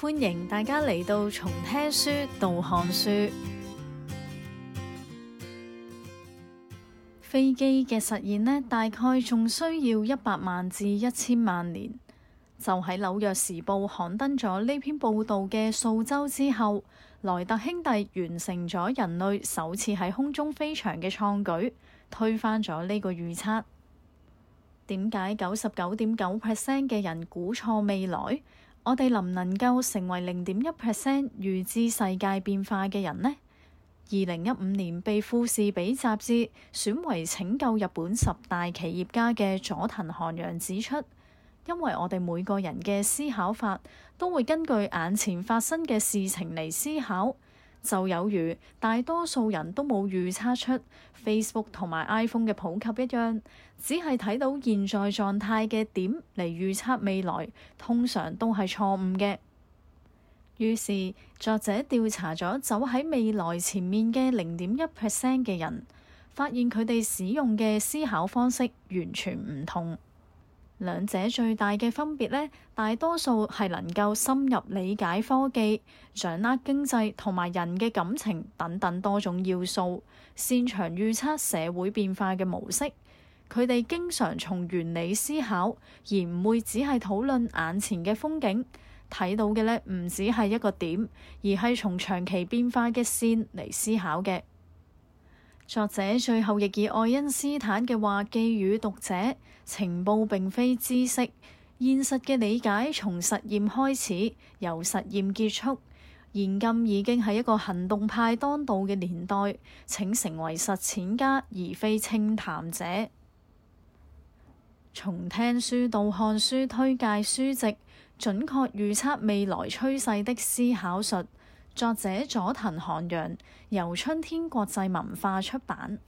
歡迎大家嚟到從聽書到看書。飛機嘅實現呢，大概仲需要一百萬至一千萬年。就喺《紐約時報》刊登咗呢篇報道嘅數周之後，萊特兄弟完成咗人類首次喺空中飛翔嘅創舉，推翻咗呢個預測。點解九十九點九 percent 嘅人估錯未來？我哋能唔能夠成為零點一 percent 預知世界變化嘅人呢？二零一五年被富士比雜誌選為拯救日本十大企業家嘅佐藤韓陽指出，因為我哋每個人嘅思考法都會根據眼前發生嘅事情嚟思考。就有如大多數人都冇預測出 Facebook 同埋 iPhone 嘅普及一樣，只係睇到現在狀態嘅點嚟預測未來，通常都係錯誤嘅。於是作者調查咗走喺未來前面嘅零點一 percent 嘅人，發現佢哋使用嘅思考方式完全唔同。兩者最大嘅分別呢，大多數係能夠深入理解科技、掌握經濟同埋人嘅感情等等多種要素，擅長預測社會變化嘅模式。佢哋經常從原理思考，而唔會只係討論眼前嘅風景。睇到嘅呢，唔只係一個點，而係從長期變化嘅線嚟思考嘅。作者最後亦以愛因斯坦嘅話寄語讀者：情報並非知識，現實嘅理解從實驗開始，由實驗結束。現今已經係一個行動派當道嘅年代，請成為實踐家而非清談者。從聽書到看書，推介書籍，準確預測未來趨勢的思考術。作者佐藤航陽，由春天國際文化出版。